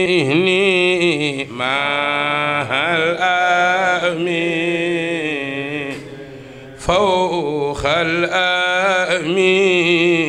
ما هل أمين فوق الأمين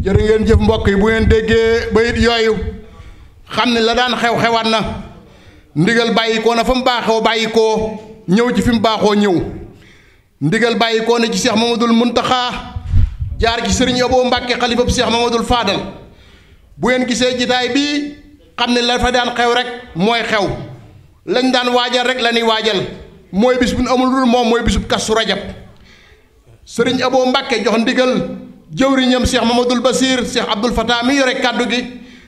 jërë ngeen jëf mbokk yi bu ngeen déggee bayit yooyu xam ne la daan xew xewaat na ndigal bàyyikoo na fa mu baaxoo bàyyikoo ñëw ci fi mu baaxoo ñëw ndigal bàyyikoo na ci seex mamadul muntaxaa jaar ci sëriñ Abo Mbàkke xalifab seex mamadul faadal bu ngeen gisee jitaay bii xam ne la fa daan xew rek mooy xew lañ daan waajal rek la waajal mooy bis bu ñu amul lu moom mooy bisub kasu rajab sëriñ aboo mbakke jox ndigal jëwriñam Cheikh Mamadul Basir Cheikh Abdul Fatah mi yore kàddu gi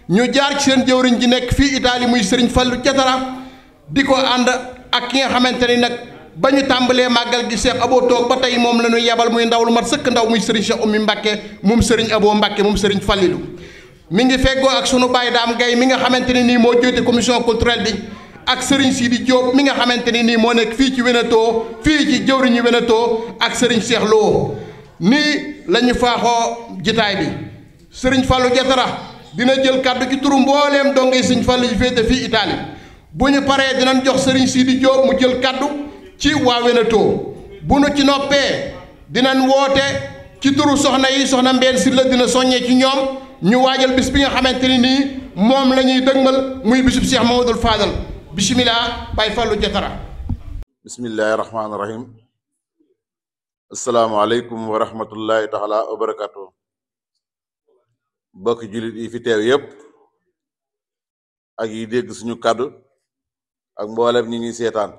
ñu jaar ci seen jëwriñ ji nekk fii Italie muy sëriñ Fallu Jatara di ko ànd ak ki nga xamante ni nag ba ñu tàmbalee màggal gi seex aboo toog ba tey moom la ñu yebal muy ndaw lu mat sëkk ndaw muy sëriñ Cheikh Oumy Mbàkke moom sëriñ Abo Mbàkke moom sëriñ Fallilu mi ngi feggoo ak sunu bàyyi daam gay mi nga xamante ne nii moo jiite commission culturelle bi ak sii Sidi Diop mi nga xamante ni nii moo nekk fii ci Weneto fii ci jëwriñu Weneto ak Serigne Cheikh Lo nii la ñu faaxoo jitaay bi sëriñ Fallou Diatara dina jël kàddu ci turu mboolem donge Serigne Fallou yi féete fii Italie bu ñu paree dinañ jox sëriñ sii Sidi Diop mu jël kàddu ci waa Weneto bu nu ci noppee dinañ woote ci turu soxna yi soxna Mbène si la dina soññee ci ñoom ñu waajal bis bi nga xamante ni nii moom lañuy ñuy dëgmal muy bisub Cheikh Mamadou Fadal bisimilah Baye Fallou Diatara bisimillahi rahmaani rahim asalaamaaleykum wa rahmatullahi taala wa barakatuh bokki jullit yi fi teew yépp ak yi dégg suñu kàddu ak mboolem ñi ñuy seetaan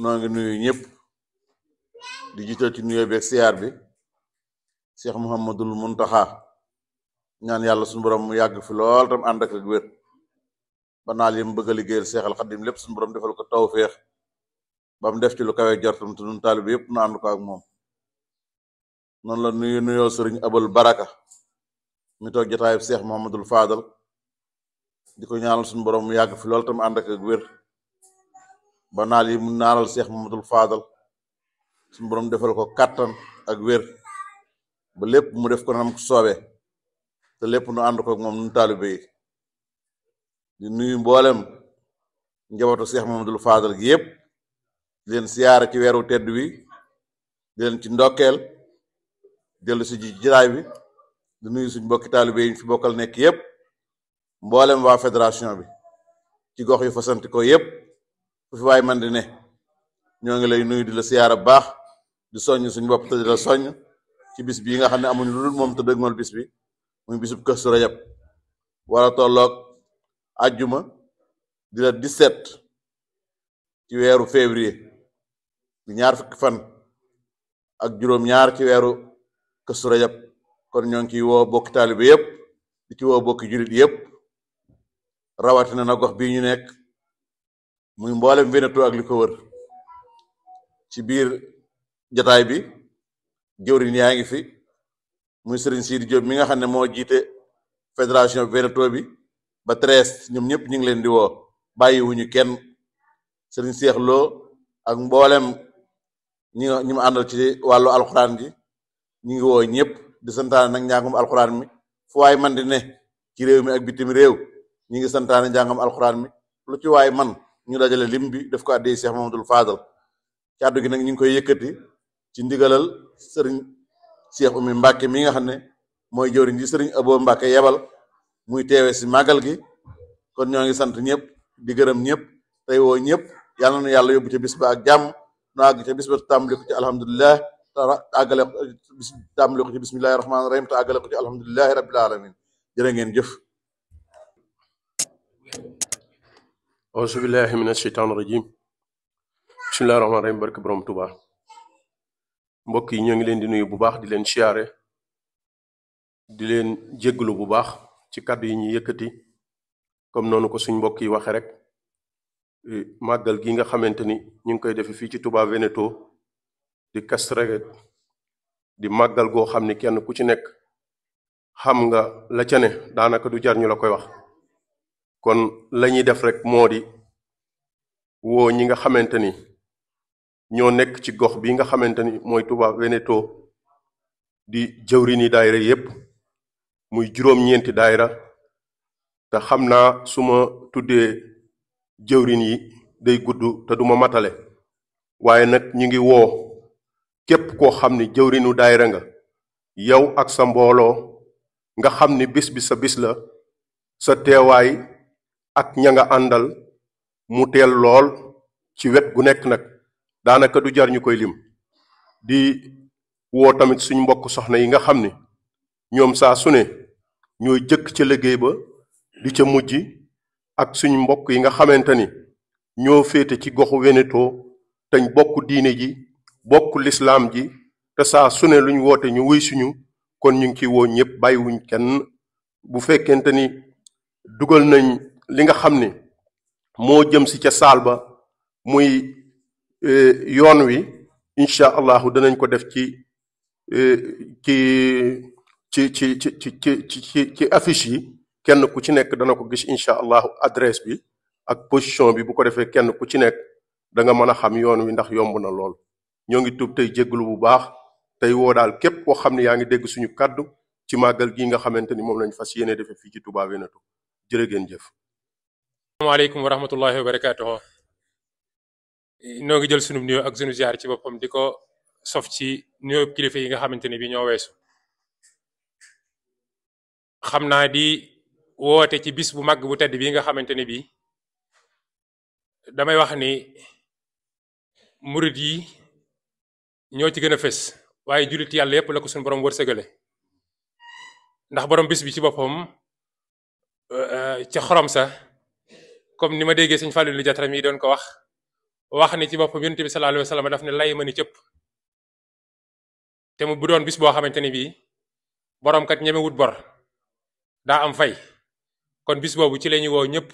noo ngi nuyu ñëpp di jiital ci nuyoo beeg siyaar bi Cheikh Mouhamadul Muntaxa ñaan yàlla suñu borom mu yàgg fi lool tam ànd ak ak ba naal yim bëgg a liggéeyal seexal xadim lépp suñu borom defal ko tawféex ba mu def ci lu kawe jortam te nun taalib yëpp nu ànd ko ak moom la nuyu nuyoo sëriñ abul baraka mi toog jotaayub seex mohamadul faadal di ko ñaanal suñu borom mu yàgg fi lool tam ànd ak ak wér ba naal yi mu naanal seex mohamadul faadal suñu borom defal ko kattan ak wér ba lépp mu def ko nam soobe te lépp nu ànd ko ak moom nun taalibe yi di nuyu mboolem njabootu Cheikh Mamadou Fadal gi yëpp di leen siyaara ci weeru tedd wi di leen ci ndokkeel dellu si ji jiraay bi di nuyu suñ mbokki taalibe yi ñu fi bokkal nekk yëpp mboolem waa fédération bi ci gox yi fasanti ko yëpp fu fi waay man ne ñoo ngi lay nuyu di la siyaara baax di soññ suñ bopp te di la soññ ci bis bii nga xam ne amuñu lu dul moom te dëgmal bis bi muy bisub Kazu Rajab wala tolloog ajjuma di la 17 ci weeru février di fan ak juróom-ñaar ci weeru Kazu Rajab kon ñoo ngi ciy woo bokki taalibe yëpp di ci woo bokki julit yëpp rawatina na gox bii ñu nekk muy mboole Veneto ak li ko ci biir jataay bi jëwriñ yaa ngi fi muy Serigne Sidi Diop mi nga xam ne moo jiite fédération Veneto bi ba treize ñoom ñëpp ñu ngi leen di woo bàyyiwuñu kenn sëriñ Seex Lo ak mboolem ñi ñi mu àndal ci wàllu alxuraan gi ñu ngi woo ñëpp di santaane nag njàngum alxuraan mi fu waay man ne ci réew mi ak bitim réew ñu ngi santaane njàngum alxuraan mi lu ci man ñu dajale lim bi def ko àddee Seex Mamadul Faadal kàddu gi nag ñu ngi koy yëkkati ci ndigalal sëriñ Seex Umi Mbàkke mi nga xam ne mooy jëwriñ ji sëriñ Abo mbake yebal muy téwé ci magal gi kon ñoo ngi sant ñëpp di gërëm ñëpp tay wo ñëpp yalla na yalla yóbbu ci bis ba ak jàmm nu àgg ca bis ba tàmbali ci alhamdullilah te bis tamlik ci bismillahir rahmanir rahim te ci alhamdullilah rabbil alamin jere ngeen jëf auzu billahi rajim rahim borom tuba mbokk yi ñoo ngi leen di nuyu bu baax di leen di leen bu baax ci kàddu yi ñu yëkkati comme noonu ko suñ mbokk yi waxe rek eh, màggal gi nga xamante ni ñu ngi koy defe fii ci Touba Veneto di Kastraget di màggal goo xam ni kenn ku ci nekk xam nga la ca ne daanaka du jar ñu la koy wax kon la ñuy def rek moo di woo ñi nga xamante ni ñoo nekk ci gox bi nga xamante ni mooy tubaab Veneto di jëwri ni daayira yépp muy juróom-ñeenti daayira te xam naa su ma tuddee jëwrin yi day gudd te duma matale waaye nag ñu ngi woo képp koo xam ni jëwrinu daayira nga yow ak sa mbooloo nga xam ni bis bi sa bis la sa teewaay ak ña nga àndal mu teel lool ci wet gu nekk nag daanaka du jar ñu koy lim di woo tamit suñ mbokk soxna yi nga xam ni ñoom saa su ne ñooy jëkk ca liggéey ba di ca mujj ak suñ mbokk yi nga xamante ni ñoo féete ci goxu Veneto tañ bokk diine ji bokk lislaam ji te saa su luñ woote ñu wuy suñu kon ñu ngi ciy woo ñëpp bàyyiwuñ kenn bu fekkente ni dugal nañ li nga xam ni moo jëm si ca saal ba muy e, yoon wi incha allahu danañ ko def ci e, ci ci ci ci ci ci ci ci affiche yi kenn ku ci nekk dana ko gis incha allahu adresse bi ak position bi bu ko defee kenn ku ci nekk da nga mën a xam yoon wi ndax yomb na lool ñoo ngi tuub tey jégalu bu baax tey woo daal képp koo xam ne yaa ngi dégg suñu kaddu ci màggal gi nga xamante ni moom lañ fas yenee defee fii ci Touba Wénato jërë ngeen jëf. asalaamaaleykum wa rahmatullahi wa barakaatuh noo ngi jël sunu nuyoo ak sunu ziar ci boppam di ko sof ci nuyoo kilifa yi nga xamante ne bii ñoo weesu. xamna di wote ci bis bu mag bu tedd bi nga xamanteni bi damay wax ni murid yi ñoo ci gëna fess waye julit yalla yépp la ko sun borom wërsegalé ndax borom bis bi ci boppam euh, euh, ci xorom sa comme ni ma déggee sëñ Fallou li jataram yi doon ko wax wax ni ci boppam yonent bi sallallahu alayhi wasallam daf ne lay ma ni cëpp té mu bu doon bis bo xamanteni bi borom kat ñëmé wut bor daa am fay kon bis boobu ci la ñu woo ñëpp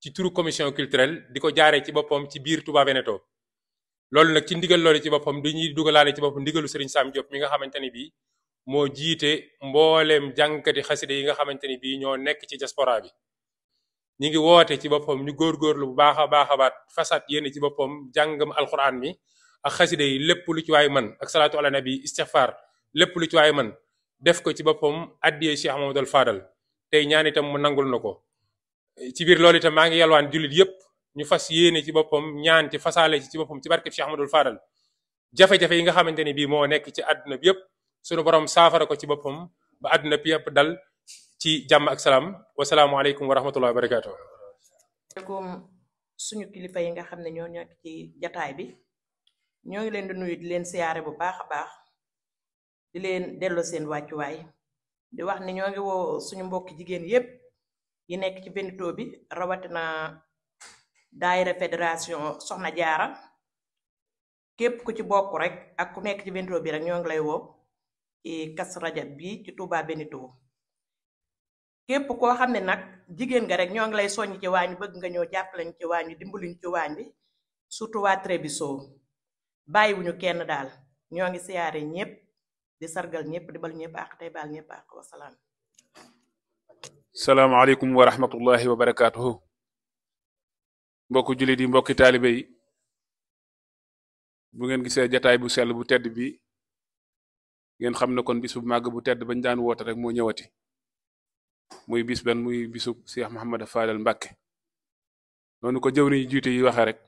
ci turu commission culturelle di ko jaaree ci boppam ci biir Touba Veneto loolu nag ci ndigal loolu ci boppam dañuy dugalaale ci boppam ndigalu Serigne Sam Diop mi nga xamante ni bii moo jiite mbooleem jànkati xaside yi nga xamante ni bii ñoo nekk ci diaspora bi ñi ngi woote ci boppam ñu góorgóorlu bu baax a baax a baat fasaat yéen ci boppam jàngam alxuraan mi ak xaside yi lépp lu ci waay mën ak salaatu ala nabi istixfaar lépp lu ci waay mën def ko ci boppam addiyee Cheikh Mamadou Fadal tey ñaanitam itam nangul na ko ci biir loolu itam maa ngi yalwaan julit yëpp ñu fas yéene ci boppam ñaan ci fasaale ci boppam ci barkeb Cheikh Ahmadul Fadal jafe-jafe yi nga xamante ne bii moo nekk ci àdduna bi yëpp sunu borom saafara ko ci boppam ba àdduna bi yëpp dal ci jàmm ak salaam wasalaamualeykum wa rahmatullahi wa barakaatu. asalaamaaleykum suñu kilifa yi nga xam ne ñoo nekk ci jataay bi ñoo ngi leen di nuyu di leen siyaare bu baax a baax di leen delloo seen di wax ni ñoo ngi woo suñu mbokki jigéen yépp yi nekk ci Veneto bi rawatina daayira fédération Soxna Jaara képp ku ci bokk rek ak ku nekk ci Veneto bi rek ñoo ngi lay woo ci kas rajab bi ci Touba Veneto képp koo xam ne nag jigéen nga rek ñoo ngi lay soññ ci waañ bëgg nga ñëw jàppalañ ci waañ wi dimbaluñ ci waañ bi surtout waa Trebiso bàyyiwuñu kenn daal ñoo ngi siyaare ñépp di sargal ñëpp di bal ñëpp ak tay bal ñëpp ak wa salam alaykum wa rahmatullahi wa barakatuh mbokk julit yi mbokk talibe yi bu ngeen gisee jataay bu sell bu tedd bi ngeen xam ne kon bisub màgg bu tedd bañ daan woote rek moo ñëwati muy bis ben muy bisub cheikh mohammed fadal mbacke noonu ko jëwni jiite yi waxe rek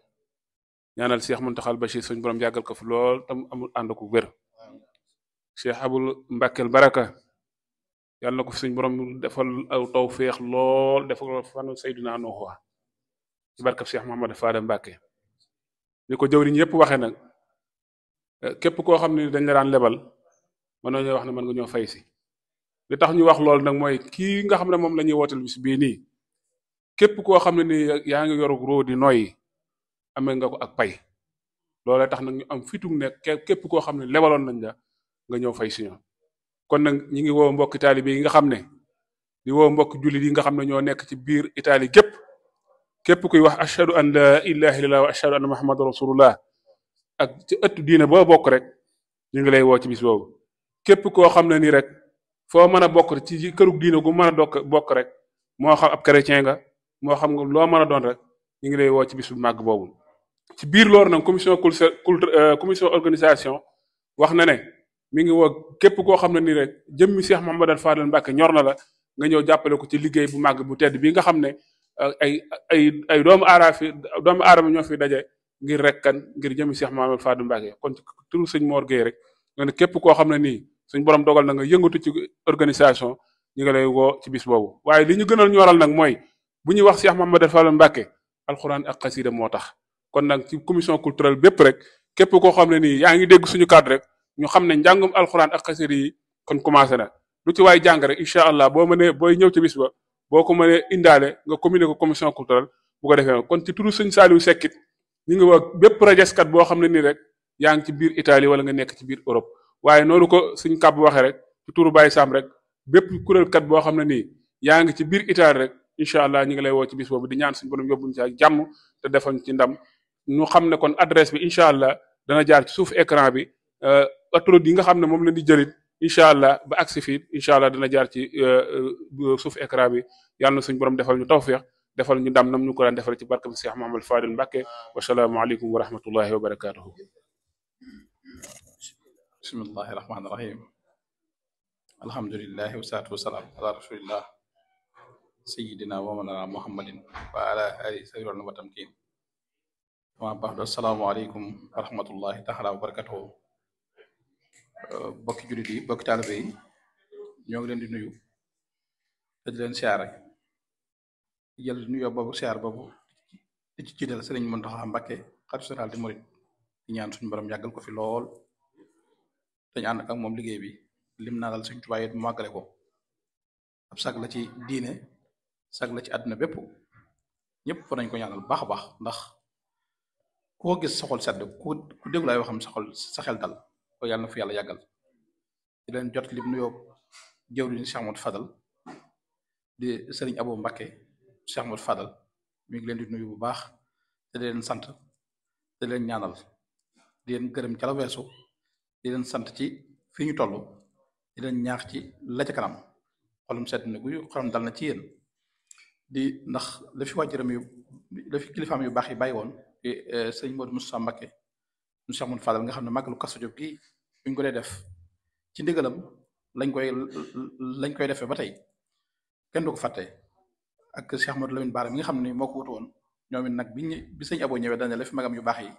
ñaanal cheikh muntaxal bashir suñ borom yàggal ko fi lool tam amul ànd ko wér cheikh abul mbakel baraka yalla ko fi suñ borom defal aw tawfiq lol defal fanu sayduna nooxuwa ci barkab cheikh mohammed fadal mbàkke ni ko jawri ñepp waxe nak eh, kep ko xamni dañ la daan lebal man nañoo wax na man nga ñoo fay ci li tax ñu wax lol nak moy ki nga xamne mom lañuy wotal bis bi ni kep ko xamni ne ni yaa ngi yorug ro di noy amé nga ko ak pay lolé tax nak ñu am fitu nek kep ko xamni lebalon nañ la nga ñëw fay si kon nag ñi ngi woo mbokk taalibe yi nga xam ne di woo mbokk jullit yi nga xam ne ñoo nekk ci biir Italie gépp képp kuy wax ashhadu an la ilaha illallah wa ashhadu anna muhammadu rasulullah ak ci ëttu diine boo bokk rek ñu ngi lay woo ci bis boobu képp koo xam ne nii rek foo mën a bokk ci kërug diina gu mën a bokk rek moo xam ab chrétien nga moo xam nga loo mën a doon rek ñu ngi lay woo ci bis bu màgg boobu ci biir loolu na commission euh, commission organisation wax na ne mi ngi woo képp koo xam ne nii rek jëmmi ma Mouhamadou Fadel Mbacké ñor na la nga ñëw jàppale ko ci liggéey bu màgg bu tedd bi nga xam ne uh, ay ay ay doomu aara fi doomu aadama ñoo fi daje ngir rek kan ngir jëmmi Cheikh Mouhamadou Fadel Mbacké kon ci turu sëñ Mor Gueye rek nga ne képp koo xam ne nii suñ borom dogal na nga yëngatu ci organisation ñu ngi lay woo ci bis boobu waaye li ñu gënal ñoral nag mooy bu ñuy wax Cheikh Mouhamadou Fadel Mbacké alxuraan ak xasida moo tax kon nag ci commission culturelle bépp rek képp koo xam ne nii yaa ngi dégg suñu cadre rek ñu xam ne njàngum alxuraan ak xasir yi kon commencé na lu ci waay jàng rek incha allah boo mënee booy ñëw ci bis ba boo ko mënee indaale nga commune ko commission culturelle bu ko defee kon ci turu sëñ Saliou Seckit ni nga wax bépp rajaskat boo xam ne ni rek yaa ngi ci biir Italie wala nga nekk ci biir Europe waaye noonu ko suñ kàbb waxee rek ci turu Baye Sam rek bépp kuréelkat boo xam ne nii yaa ngi ci biir Italie rek incha allah ñu ngi lay woo ci bis boobu di ñaan suñu borom yóbbuñ ci ak jàmm te defal ci ndam ñu xam ne kon adresse bi incha allah dana jaar ci suuf écran bi autoroute yi nga xamne mom la di jëlit inshallah ba aksi fi inshallah allah dana jaar ci suuf écran bi yàlla suñu borom defal ñu tawfiq defal ñu dam nam ñu ko daan defal ci barkam Cheikh mohammed Fadil Mbacké alaykum wa rahmatullahi wa barakatuh بسم الله الرحمن الرحيم الحمد لله والصلاة والسلام على رسول الله سيدنا ومولانا محمد وعلى آله wa tamkin wa ba'du assalaamu aleykum wa rahmatullahi taala wa Euh, bokki jullit yi bokki taalibe yi ñoo ngi leen di nuyu te di leen siyaare jël nuyoo boobu siyaar boobu di ci jiital sëriñ Muntaxa Mbàkke xalifa général des mourides ñaan suñu borom yàggal ko fi lool dañu ànd ak moom liggéey bi lim naanal suñ tubaab yi mu màggale ko ab sag la ci diine sag la ci àdduna bépp ñëpp war nañ ko ñaanal baax a baax ndax koo gis soxol sedd ku ku déglu ay waxam soxol sa xel dal ko yàlla na fi yàlla yàggal di leen jot lim nuyoo jëwriñ Cheikh Modou Fadal di sëriñ Abou Mbacké Cheikh Fadal mi ngi leen di nuyu bu baax te leen sant di leen ñaanal di leen gërëm ca di leen sant ci fi ñu toll di leen ñaax ci la ca kanam xolum sedd na guy xolam dal na ci yéen di ndax la fi wàjjëram yu la fi baax yi bàyyi woon eh, sëriñ Modou Moussa Mbacké mu Cheikh Mouhamadou Fadal nga xam ne màggalu Kazu Rajab gi buñ ko dee def ci ndigalam lañ koy lañ koy defee ba tey kenn du ko fàtte ak Cheikh Mouhamadou Lamine Bara mi nga xam ne moo ko woon ñoom nag bi bi sëñ Abo ñëwee dañ la fi magam yu baax yi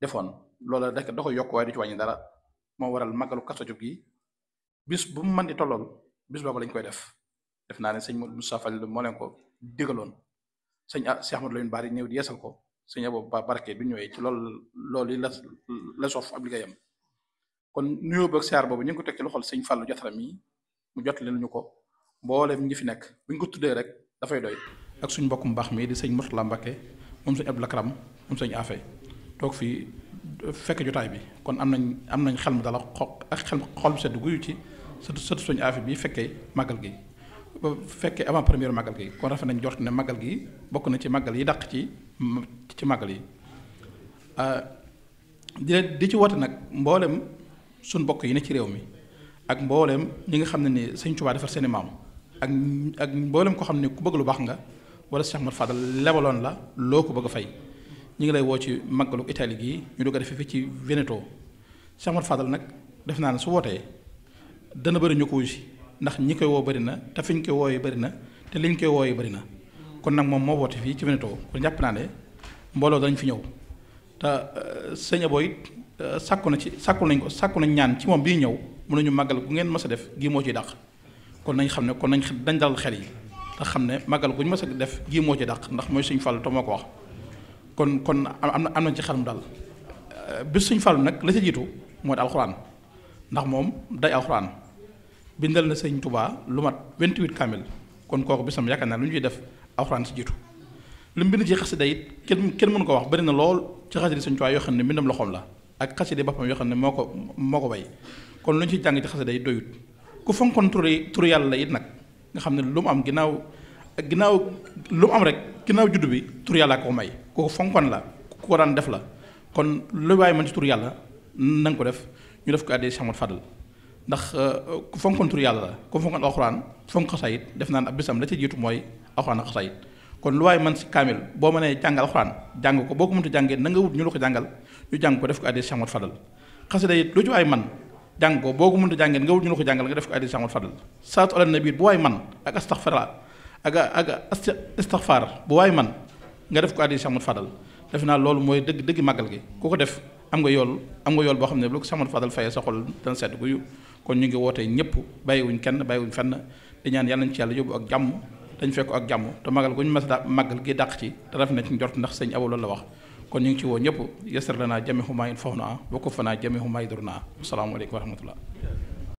defoon loola da da yokk waaye du ci dara moo waral màggalu Kazu gi bis bu mu mën di tollool bis boobu lañ koy def def naa ne sëñ Moussa Fall moo leen ko digaloon sëñ ah Cheikh Mouhamadou Lamine ñëw di ko. sëñ Abo Ba barke bi ñëwee ci loolu loolu yi la la sof ab liggéeyam kon nuyoo boog siyaar boobu ñu ngi ko teg ci loxol sëñ Fallou Diatra mii mu jot leen ñu ko mboolem ñi fi nekk bu ñu ko tuddee rek dafay doy. ak suñ mbokku mbaax mi di sëñ Mourtala Mbacke moom sëñ Abdou Lakram moom sëñ Afe toog fii fekk jotaay bi kon am nañ am nañ xel mu dala xoq ak xel xol sedd guyu ci sëtu sëtu sëñ Afe bi fekkee màggal gi. bu fekkee avant première màggal gi kon rafet nañ jot ne màggal gi bokk na ci màggal yi daq ci ci magal yi ah, di di ci woote nag mboolem suñ mbokk yi ne ci réew mi ak mboolem ñi nga xam ne ni Sëñ Tuubaa defar seeni maam ak ak mboolem ko xam ne ku bëgg lu baax nga wala Cheikh Ahmad Fadal lebaloon la loo ko bëgg a fay ñu ngi lay woo ci màggalu itali gii ñu dugg a defee fi ci Veneto Cheikh Ahmad Fadal nag def naa ne su wootee dana bari ñu ko wuyu ndax ñi koy woo bëri na te fi ñu koy wooyee bëri na te liñ koy wooyee bëri na kon nag moom moo woote fii ci Veneto kon jàpp naa ne. mbooloo danañ fi ñëw te euh, sëñ Abo it euh, sàkku na ci sàkkul nañ ko sàkku nañ ñaan ci moom bii ñëw mën nañu màggal gu ngeen mës a def gii moo ciy dàq kon nañ xam ne kon nañ dañ dalal xel yi te xam ne màggal gu ñu def gii ci dàq ndax mooy suñu fàllu te moo ko wax kon kon am na am na ci xel mu dal euh, bis suñu fàllu nag la ci jiitu mooy di alxuraan ndax moom day alxuraan bindal na sëñ tubaa lu mat 28 kamil kon kooku bisam yaakaar naa lu ñu ciy def alxuraan si jiitu lu mbind ci xasida it kenn kenn mënu ko wax bari na lool ci xasida Sëñ Tuubaa yoo xam ne mbindam loxoom la ak xasida boppam yoo xam ne moo ko moo ko bay kon luñ ci jàng ci xasida it doyut ku fonkoon turu turu yàlla la it nag nga xam ne lu mu am ginnaaw ginnaaw lu mu am rek ginnaaw juddu bi turu yàlla ko may ku fonkoon la ku ko daan def la kon lu waaye man ci turu yàlla na ko def ñu def ko àddee Cheikh Fadal ndax ku fonkoon turu yàlla la ku fonkoon alxuraan fonk xasaayit def naan ab la ci jiitu mooy alxuraan ak xasaayit kon lu waay man si kaamil boo mënee jàng alxuraan jàng ko boo ko mënta jàngee na nga wut ñu la ko jàngal ñu jàng ko def ko addi sangot fadal xasida it lu ci waay man jàng ko boo ko mënta jàngee nga wut ñu la nga def ko addi sangot fadal salaatu ala nabi bu waay man ak astaxfara ak ak istaxfaar bu waay man nga def ko addi sangot fadal def naa loolu mooy dëgg dëgg màggal gi ku ko def am nga yool am nga yool boo xam ne lu ko sangot fadal fayee sa xol dana sedd guyu kon ñu ngi wootee ñëpp bàyyiwuñ kenn bàyyiwuñ fenn di ñaan yàlla nañ ci yàlla yóbbu ak jàmm dañ fekk ak jàmm te magal gu ñu mas da magal gi dàq ci te rafet na ci njort ndax sëñ Abo loolu la wax kon ñu ngi ci woo ñëpp yasar lanaa jamihu maa yanfa'unaa wa kuffanaa jamihu maa yadurrunaa asalaamaaleykum wa rahmatullah